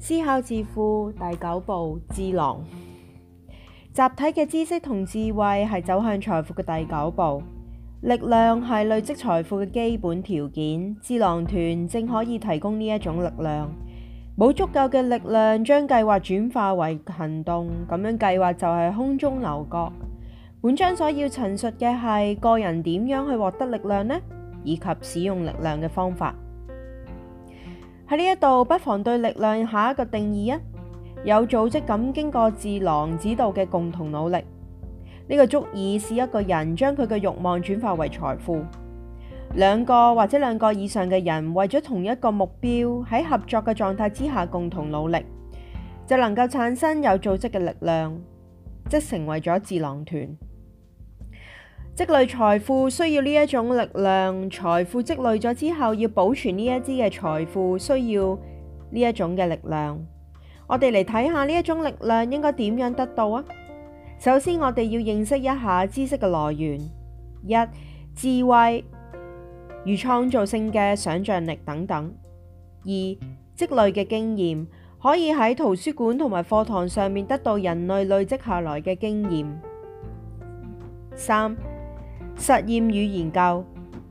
思考致富第九步：智囊。集體嘅知識同智慧係走向財富嘅第九步。力量係累積財富嘅基本條件，智囊團正可以提供呢一種力量。冇足夠嘅力量，將計劃轉化為行動，咁樣計劃就係空中樓閣。本章所要陳述嘅係個人點樣去獲得力量呢，以及使用力量嘅方法。喺呢一度，不妨對力量下一個定義啊！有組織咁經過智囊指導嘅共同努力，呢個足以使一個人將佢嘅欲望轉化為財富。兩個或者兩個以上嘅人為咗同一個目標喺合作嘅狀態之下共同努力，就能夠產生有組織嘅力量，即成為咗智囊團。積累財富需要呢一種力量，財富積累咗之後要保存呢一支嘅財富，需要呢一種嘅力量。我哋嚟睇下呢一種力量應該點樣得到啊？首先，我哋要認識一下知識嘅來源：一、智慧，如創造性嘅想象力等等；二、積累嘅經驗，可以喺圖書館同埋課堂上面得到人類累積下來嘅經驗；三。實驗與研究，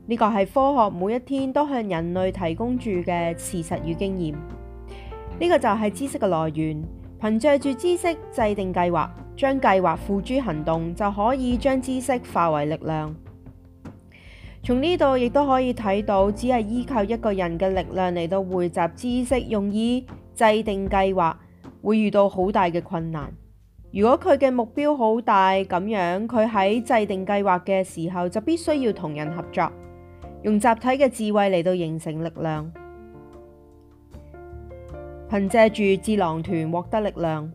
呢個係科學每一天，都向人類提供住嘅事實與經驗，呢個就係知識嘅來源。憑借住知識制定計劃，將計劃付諸行動，就可以將知識化為力量。從呢度亦都可以睇到，只係依靠一個人嘅力量嚟到匯集知識，用以制定計劃，會遇到好大嘅困難。如果佢嘅目標好大，咁樣佢喺制定計劃嘅時候就必須要同人合作，用集體嘅智慧嚟到形成力量，憑借住智囊團獲得力量，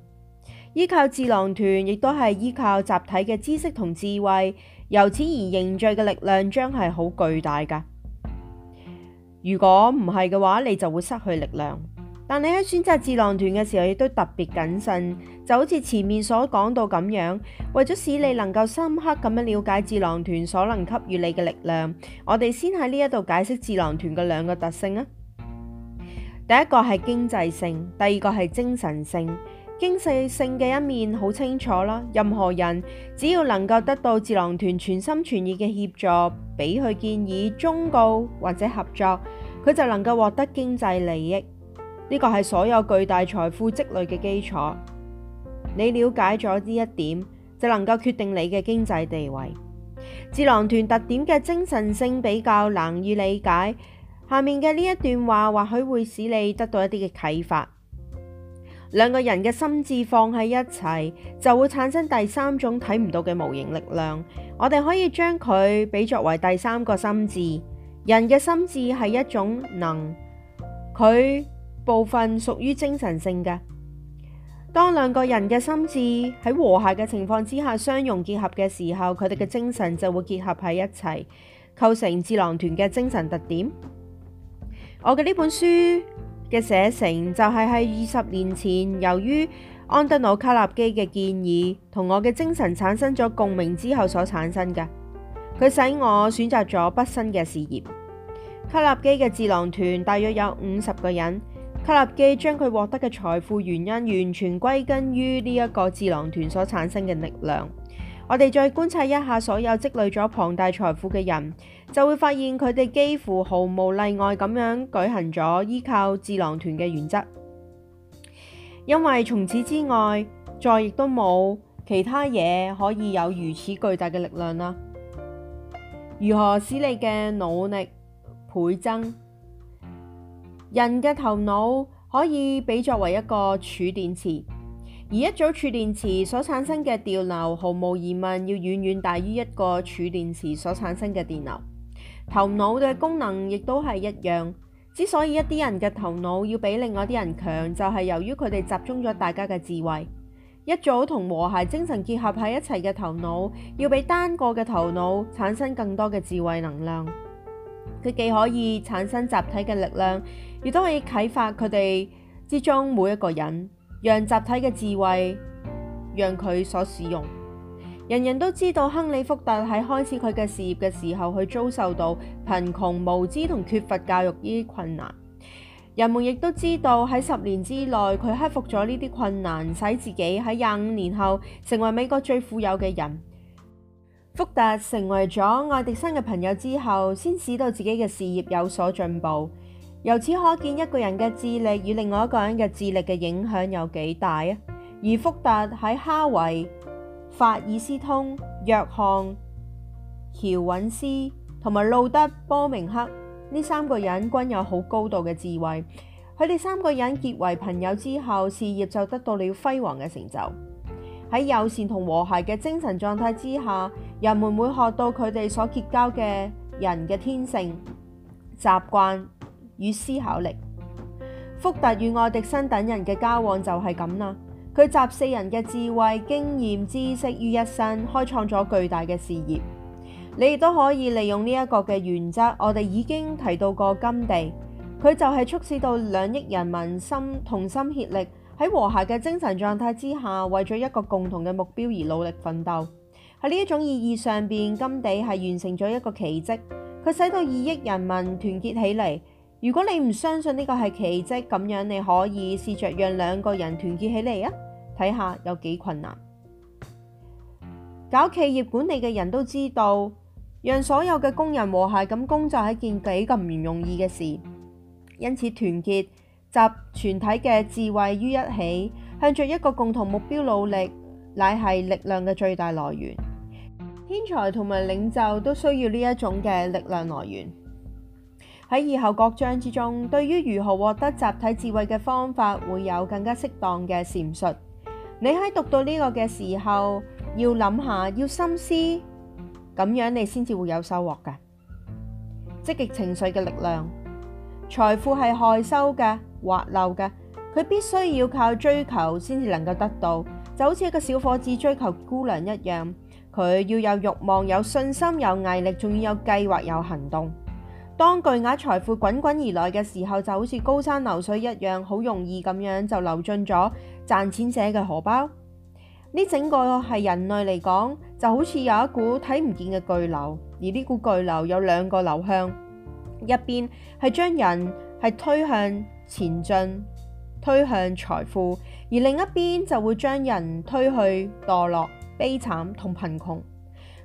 依靠智囊團亦都係依靠集體嘅知識同智慧，由此而凝聚嘅力量將係好巨大噶。如果唔係嘅話，你就會失去力量。但你喺選擇智囊團嘅時候，亦都特別謹慎，就好似前面所講到咁樣。為咗使你能夠深刻咁樣了解智囊團所能給予你嘅力量，我哋先喺呢一度解釋智囊團嘅兩個特性啊。第一個係經濟性，第二個係精神性。經濟性嘅一面好清楚啦，任何人只要能夠得到智囊團全心全意嘅協助，俾佢建議、忠告或者合作，佢就能夠獲得經濟利益。呢個係所有巨大財富積累嘅基礎。你了解咗呢一點，就能夠決定你嘅經濟地位。智囊團特點嘅精神性比較難以理解，下面嘅呢一段話或許會使你得到一啲嘅啟發。兩個人嘅心智放喺一齊，就會產生第三種睇唔到嘅無形力量。我哋可以將佢比作為第三個心智。人嘅心智係一種能，佢。部分屬於精神性嘅。當兩個人嘅心智喺和諧嘅情況之下相融結合嘅時候，佢哋嘅精神就會結合喺一齊，構成智囊團嘅精神特點。我嘅呢本書嘅寫成就係喺二十年前，由於安德魯卡納基嘅建議同我嘅精神產生咗共鳴之後所產生嘅。佢使我選擇咗畢生嘅事業。卡納基嘅智囊團大約有五十個人。卡納基將佢獲得嘅財富原因完全歸根於呢一個智囊團所產生嘅力量。我哋再觀察一下所有積累咗龐大財富嘅人，就會發現佢哋幾乎毫無例外咁樣舉行咗依靠智囊團嘅原則。因為從此之外，再亦都冇其他嘢，可以有如此巨大嘅力量啦。如何使你嘅努力倍增？人嘅頭腦可以比作為一個儲電池，而一組儲電池所產生嘅電流，毫無疑問要遠遠大於一個儲電池所產生嘅電流。頭腦嘅功能亦都係一樣，之所以一啲人嘅頭腦要比另外啲人強，就係由於佢哋集中咗大家嘅智慧。一組同和諧精神結合喺一齊嘅頭腦，要比單個嘅頭腦產生更多嘅智慧能量。佢既可以產生集體嘅力量，亦都可以啟發佢哋之中每一個人，讓集體嘅智慧，讓佢所使用。人人都知道亨利福特喺開始佢嘅事業嘅時候，佢遭受到貧窮、無知同缺乏教育呢啲困難。人們亦都知道喺十年之內，佢克服咗呢啲困難，使自己喺廿五年後成為美國最富有嘅人。福特成為咗愛迪生嘅朋友之後，先使到自己嘅事業有所進步。由此可見，一個人嘅智力與另外一個人嘅智力嘅影響有幾大啊？而福特喺哈維、法爾斯通、約翰、喬韻斯同埋路德·波明克呢三個人均有好高度嘅智慧。佢哋三個人結為朋友之後，事業就得到了輝煌嘅成就。喺友善同和諧嘅精神狀態之下，人們會學到佢哋所結交嘅人嘅天性、習慣與思考力。福特與愛迪生等人嘅交往就係咁啦，佢集四人嘅智慧、經驗、知識於一身，開創咗巨大嘅事業。你亦都可以利用呢一個嘅原則，我哋已經提到過金地，佢就係促使到兩億人民心同心協力。喺和諧嘅精神狀態之下，為咗一個共同嘅目標而努力奮鬥。喺呢一種意義上邊，甘地係完成咗一個奇迹。佢使到二億人民團結起嚟。如果你唔相信呢個係奇迹，咁樣你可以試着讓兩個人團結起嚟啊，睇下有幾困難。搞企業管理嘅人都知道，讓所有嘅工人和諧咁工作係一件幾咁唔容易嘅事，因此團結。集全體嘅智慧於一起，向着一個共同目標努力，乃係力量嘅最大來源。天才同埋領袖都需要呢一種嘅力量來源。喺以後各章之中，對於如何獲得集體智慧嘅方法，會有更加適當嘅闡述。你喺讀到呢個嘅時候，要諗下，要深思，咁樣你先至會有收穫㗎。積極情緒嘅力量，財富係害羞㗎。滑溜嘅，佢必須要靠追求先至能夠得到，就好似一個小伙子追求姑娘一樣，佢要有慾望、有信心、有毅力，仲要有計劃、有行動。當巨額財富滾滾而來嘅時候，就好似高山流水一樣，好容易咁樣就流進咗賺錢者嘅荷包。呢整個係人類嚟講，就好似有一股睇唔見嘅巨流，而呢股巨流有兩個流向，一邊係將人係推向。前進，推向財富；而另一邊就會將人推去墮落、悲慘同貧窮。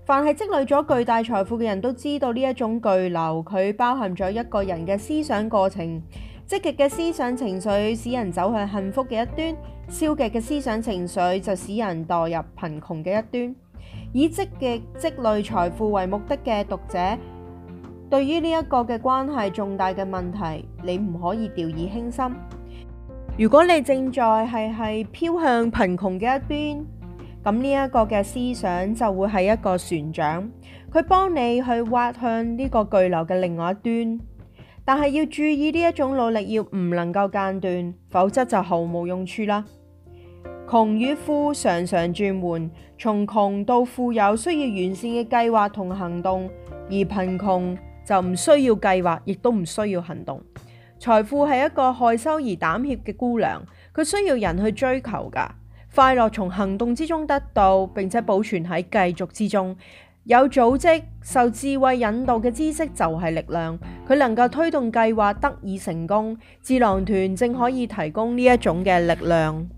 凡係積累咗巨大財富嘅人都知道呢一種巨流，佢包含咗一個人嘅思想過程。積極嘅思想情緒使人走向幸福嘅一端，消極嘅思想情緒就使人墮入貧窮嘅一端。以積極積累財富為目的嘅讀者。對於呢一個嘅關係重大嘅問題，你唔可以掉以輕心。如果你正在係係飄向貧窮嘅一邊，咁呢一個嘅思想就會係一個船長，佢幫你去劃向呢個巨流嘅另外一端。但係要注意呢一種努力要唔能夠間斷，否則就毫無用處啦。窮與富常常轉換，從窮到富有需要完善嘅計劃同行動，而貧窮。就唔需要計劃，亦都唔需要行動。財富係一個害羞而膽怯嘅姑娘，佢需要人去追求噶。快樂從行動之中得到，並且保存喺繼續之中。有組織、受智慧引導嘅知識就係力量，佢能夠推動計劃得以成功。智囊團正可以提供呢一種嘅力量。